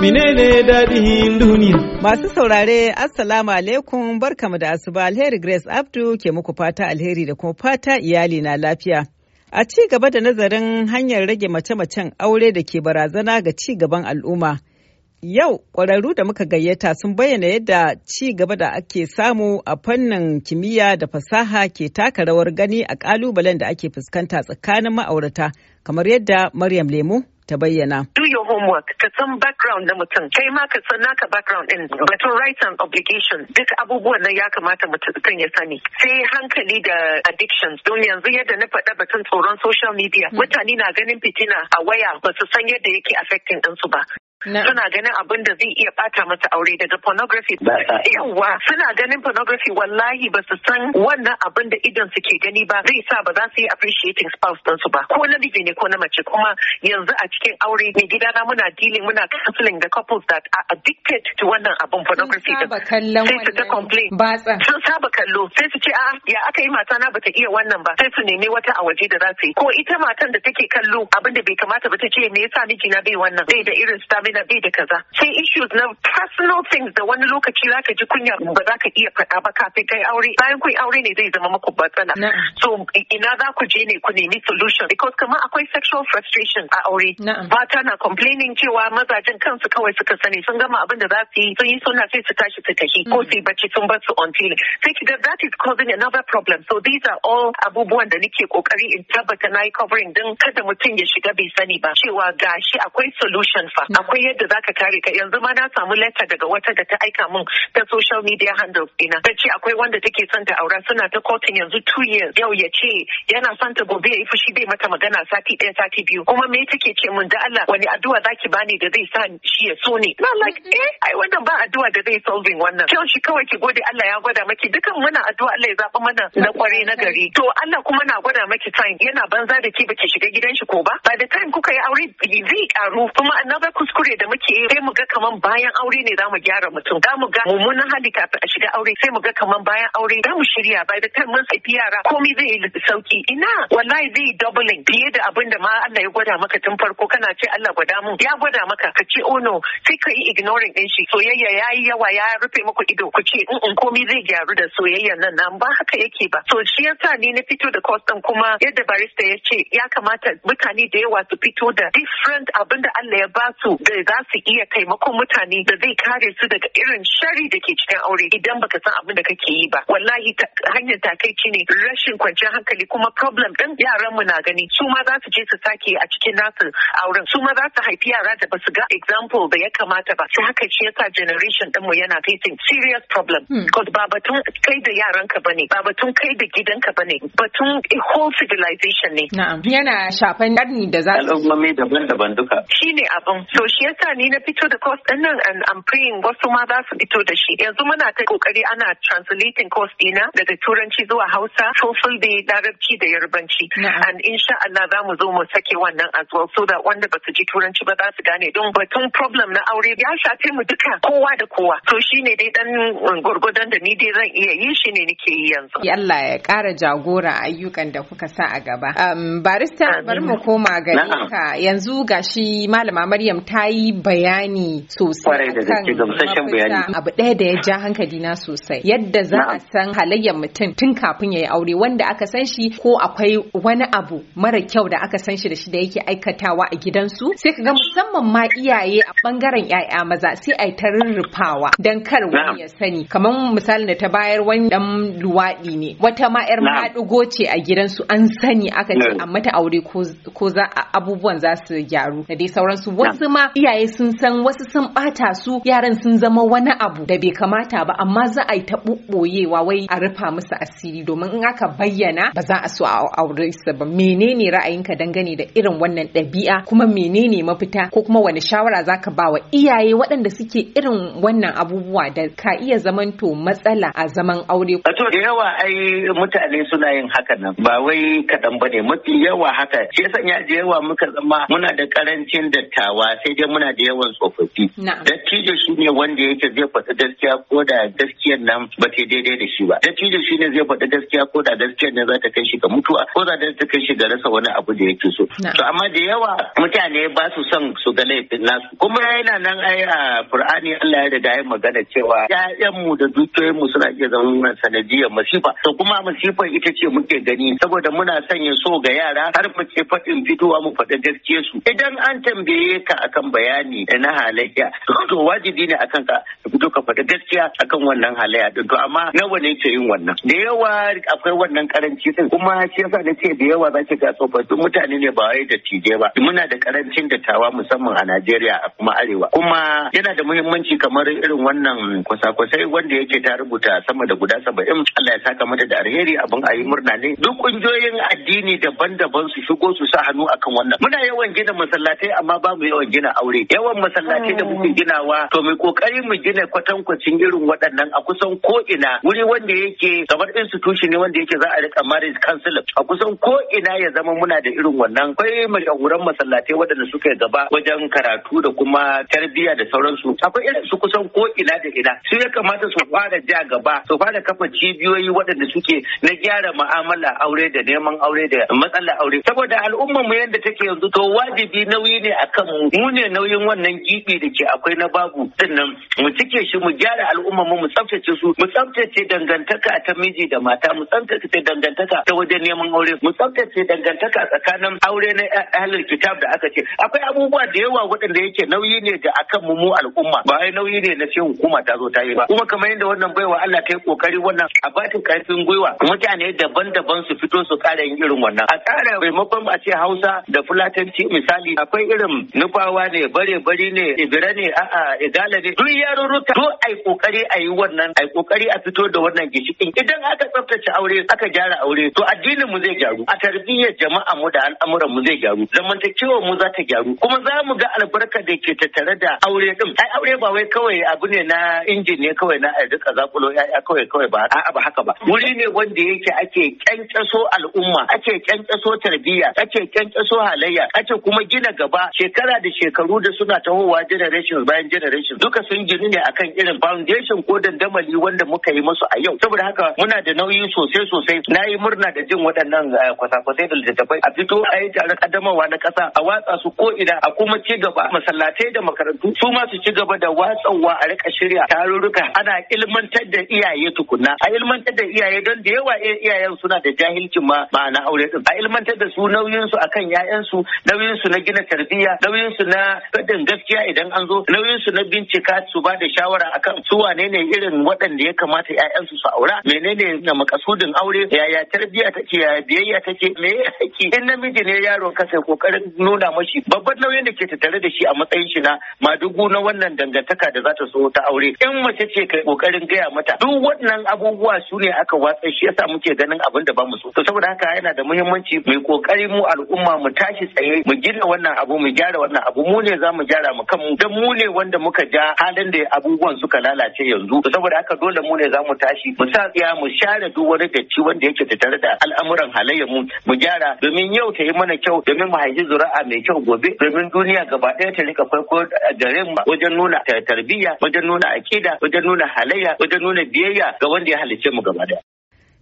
Menene daɗin duniya? Masu saurare, Assalamu alaikum barkamu da asuba alheri Grace Abdu ke muku fata alheri da kuma fata iyali na lafiya. A ci gaba da nazarin hanyar rage mace-macen aure da ke barazana ga ci gaban al'umma. Yau, ƙwararru da muka gayyata sun bayyana yadda ci gaba da ake samu a fannin kimiyya da fasaha ke taka rawar gani a ƙalubalen da ake fuskanta tsakanin ma'aurata, kamar yadda Maryam Lemu ta bayyana. Do your homework, ka san background na mutum, kai ma ka san naka background din batun rights and obligations duk abubuwan nan ya kamata mutum ya sani. Sai hankali da addictions don yanzu yadda na faɗa batun tsoron social media hmm. mutane na ganin fitina a waya ba su san yadda yake affecting ɗinsu ba. suna ganin abin da zai iya bata mata aure daga pornography yawa suna ganin pornography wallahi ba su san wannan abin da idan su ke gani ba zai sa ba za su yi appreciating spouse din su ba ko na miji ne ko na mace kuma yanzu a cikin aure ne gidana muna dealing muna counseling da couples that are addicted to wannan abin pornography din sai su ta complain sun saba kallo sai su ce a ya aka yi mata na bata iya wannan ba sai su nemi wata a waje da za su yi ko ita matan da take kallo abin da bai kamata ba ta ce me yasa miji na bai wannan bai da irin stamina na bai da kaza sai issues na personal things da wani lokaci zaka ji kunya ba za ka iya faɗa ba kafin kai aure bayan kun aure ne zai zama muku batsala so ina za ku je ne ku nemi solution because kamar akwai sexual frustration a aure mata na complaining cewa mazajen kansu kawai suka sani sun gama abin da za su yi sun yi suna sai su tashi su tafi ko mm. su bacci sun bar su on feeling sai ki ga that is causing another problem so these are all abubuwan da nake kokari in tabbata na yi covering din kada mutum ya shiga bai sani ba cewa gashi akwai solution fa akwai yadda zaka kare ka yanzu ma na samu letter daga wata da ta aika mun ta social media handles ina ta ce akwai wanda take son ta aura suna ta kotun yanzu two years yau ya ce yana son ta gobe ya yi fushi bai mata magana sati ɗaya sati biyu kuma me take ce min da Allah wani addu'a zaki bani da zai sa shi ya so ni na like eh ai wannan ba addu'a da zai solving wannan kyau shi kawai ki gode Allah ya gwada maki dukan muna addu'a Allah ya zaba mana na kware na gari to Allah kuma na gwada maki time yana banza da ki baki shiga gidan shi ko ba by the time kuka yi aure zai karu kuma another kuskure aure da muke yi sai mu ga kaman bayan aure ne za mu gyara mutum za mu ga mummunan hali kafin a shiga aure sai mu ga kaman bayan aure za mu shirya by da time mun saifi yara komai zai yi sauki ina wallahi zai yi doubling fiye da abin da ma Allah ya gwada maka tun farko kana ce Allah gwada mu ya gwada maka ka ce ono, oh no sai ka yi ignoring din shi soyayya ya yi yawa ya rufe maku ido ku ce in komai zai gyaru da soyayya nan nan ba haka yake ba so shi yasa ni na fito da course kuma yadda barista ya ce ya kamata mutane da yawa su fito da different abin da Allah ya ba su da da za su iya taimakon mutane da zai kare su daga irin shari da ke cikin aure idan baka san abin da kake yi ba wallahi hanyar takaici ne rashin kwanciyar hankali kuma problem din yaran mu na gani su ma za su je su sake a cikin nasu auren su ma za su haifi yara da basu ga example da ya kamata ba sai haka shi yasa generation din mu yana facing serious problem hmm. because ba batun kai da yaran ka bane ba batun kai da gidan ka bane batun whole civilization ne na'am yana shafan da za su daban-daban duka shine abin so shi yasa ni na fito da course din nan and I'm praying wasu ma za su fito da shi yanzu muna ta kokari ana translating course dina daga turanci zuwa Hausa full day larabci da yarbanci and insha Allah za mu zo mu sake wannan as well so that wanda ba su ji turanci ba za su gane don batun problem na aure ya shafe mu duka kowa da kowa to shine dai dan gurgudan da ni dai zan iya yi shi ne nake yi yanzu Allah ya kara jagora ayyukan da kuka sa a gaba um, barista bari mu koma gare ka yanzu gashi malama Maryam ta yi yi bayani sosai kan abu ɗaya da ya ja hankali na sosai yadda za a san halayyar mutum tun kafin ya yi aure wanda aka san shi ko akwai wani abu mara kyau da aka san shi da shi da yake aikatawa a gidansu sai ka ga musamman ma iyaye a bangaren 'ya'ya maza sai a yi ta rurrufawa don kar wani ya sani kamar misalin da ta bayar wani dan luwaɗi ne wata ma 'yar maɗigo ce a gidansu an sani aka ce a mata aure ko za abubuwan za su gyaru da dai sauransu wasu ma iyaye sun san wasu sun bata su yaran sun zama wani abu da bai kamata ba amma za a yi ta ɓoɓɓoyewa wai a rufa musu asiri domin in aka bayyana ba za a so a aure su ba menene ra'ayinka dangane da irin wannan ɗabi'a kuma menene mafita ko kuma wani shawara za ka ba wa iyaye waɗanda suke irin wannan abubuwa da ka iya zamanto matsala a zaman aure. To da yawa ai mutane suna yin haka nan ba wai kaɗan ba ne mafi yawa haka shi yasa ya yawa muka zama muna da karancin dattawa sai dai muna da yawan tsofaffi dattijo shi ne wanda yake zai faɗi gaskiya ko da gaskiyar nan ba ta daidai da shi ba dattijo shi ne zai faɗi gaskiya ko da gaskiyar nan za ta kai shi ga mutuwa ko za ta kai shi ga rasa wani abu da yake so to amma da yawa mutane ba su son su ga laifin nasu kuma yana nan ai a Qur'ani Allah ya riga ya magana cewa ƴaƴanmu da dukiyoyinmu suna iya zama sanadiyar masifa to kuma masifar ita ce muke gani saboda muna sanya so ga yara har mu ce faɗin fitowa mu faɗi gaskiyar su idan an tambaye ka akan bayan bayani na halayya to wajibi ne akan ka fito ka faɗi gaskiya akan wannan halayya din to amma Na ne ce yin wannan da yawa akwai wannan karanci din kuma shi yasa na ce da yawa zaki ga tsofaffin mutane ne ba wai da tije ba muna da karancin dattawa musamman a Najeriya kuma arewa kuma yana da muhimmanci kamar irin wannan kwasa-kwasai wanda yake ta rubuta sama da guda saba'in Allah ya saka mata da alheri abin a yi murna ne duk kungiyoyin addini daban-daban su shigo su sa hannu akan wannan muna yawan gina masallatai amma ba mu yawan gina aure aure yawan masallaci da muke oh. ginawa to mai kokari mu gina kwatankwacin irin waɗannan a kusan ko ina wuri wanda yake kamar institution ne wanda yake za a rika marriage council a kusan ko ina ya zama muna da irin wannan akwai mashahuran masallatai waɗanda suka gaba wajen karatu da kuma tarbiyya da sauransu akwai irin su kusan ko ina da ina su ya kamata su fara ja gaba su fara kafa cibiyoyi waɗanda suke na gyara mu'amala aure da neman aure da matsala aure saboda al'ummar mu yadda take yanzu to wajibi nauyi ne akan mu mu ne nauyin wannan gibi da ke akwai na babu dinnan mu cike shi mu gyara al'ummar mu mu tsaftace su mu tsaftace dangantaka ta miji da mata mu tsaftace dangantaka ta wajen neman aure mu tsaftace dangantaka tsakanin aure na ahlul kitab da aka ce akwai abubuwa da yawa waɗanda yake nauyi ne da akan mu mu al'umma ba wai nauyi ne na ce hukuma ta zo ta yi ba kuma kamar yadda wannan baiwa Allah ta yi kokari wannan a batin karfin gwiwa mutane daban-daban su fito su ƙara yin irin wannan a tsara maimakon a ce Hausa da Fulatanci misali akwai irin nufawa ne bare bare ne ibira ne a'a igala ne duk yarurruka do ai kokari ayi wannan ai kokari a fito da wannan gishikin idan aka tsaftace aure aka gyara aure to addinin mu zai gyaru a tarbiyyar jama'a mu da al'amuran mu zai gyaru zamantakewa mu za ta gyaru kuma za mu ga albarka da ke tattare da aure din ai aure ba wai kawai abu ne na injin ne kawai na ai eh, duka zakulo ya kawai kawai ba a'a ba haka ba wuri ne wanda yake ake kyankyaso al'umma ake kyankyaso tarbiyya ake kyankyaso halayya ake kuma gina gaba shekara da shekaru da suna tahowa generation bayan generation duka sun gini ne akan irin foundation ko dandamali wanda muka yi musu a yau saboda haka muna da nauyi sosai sosai na yi murna da jin waɗannan eh, kwasa-kwasai da littattafai a fito a yi taron adamawa na ƙasa a watsa su ko ina a kuma ci gaba masallatai da makarantu su ma su ci gaba da watsawa a rika shirya tarurruka ana ilmantar da iyaye tukunna a ilmantar da iyaye don da yawa eh, iyayen suna da jahilcin ma ma'ana aure din a ilmantar da su nauyinsu akan 'ya'yansu nauyinsu na gina tarbiyya nauyin na faɗin gaskiya idan an zo nauyin su na bincika su ba da shawara akan su wane ne irin waɗanda ya kamata ƴaƴansu su aura menene na makasudin aure yaya tarbiyya take yaya biyayya take me yake in namiji ne yaro ka sai kokarin nuna mashi babban nauyin da ke tattare da shi a matsayin shi na madugu na wannan dangantaka da za ta so ta aure in mace ce kai kokarin gaya mata duk waɗannan abubuwa su ne aka watsa shi yasa muke ganin abin da bamu so to saboda haka yana da muhimmanci mu kokari mu al'umma mu tashi tsaye mu gina wannan abu mu gyara wannan abu mu ne ne za mu gyara mu kanmu dan mu ne wanda muka ja halin da abubuwan suka lalace yanzu saboda haka dole mu ne za mu tashi mu sa tsaya mu share duk wani datti wanda yake tattare da al'amuran halayyar mu mu gyara domin yau ta yi mana kyau domin mu haifi zuri'a mai kyau gobe domin duniya gaba ɗaya ta rika farko gare mu wajen nuna tarbiyya wajen nuna akida wajen nuna halayya wajen nuna biyayya ga wanda ya halicce mu gaba ɗaya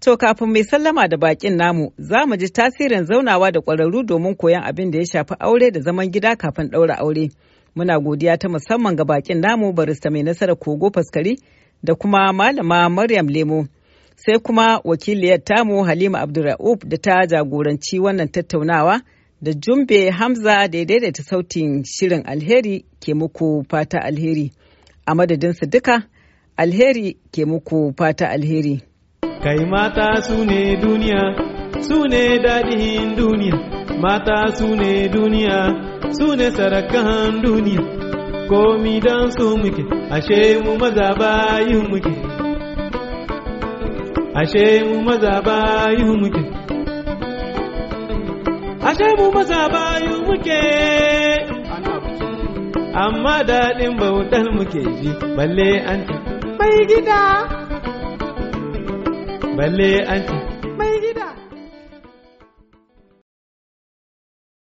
To kafin mai sallama da bakin namu za mu ji tasirin zaunawa da ƙwararru domin koyan abin da ya shafi aure da zaman gida kafin ɗaura aure. Muna godiya ta musamman ga bakin namu barista mai nasara kogo faskari da kuma malama Maryam Lemo. Sai kuma wakiliyar tamu Halima Abdulra'uf da ta jagoranci wannan tattaunawa da Jumbe Hamza da daidaita sautin shirin alheri ke muku fata alheri. A madadinsu duka alheri ke muku fata alheri. kai mata su ne duniya su ne daɗin duniya mata su ne duniya su ne sarakan duniya komi don su muke ashe mu maza bayin muke ashe mu maza bayin muke ashe mu maza bayin muke amma daɗin bautan muke ji balle an bai gida Balle an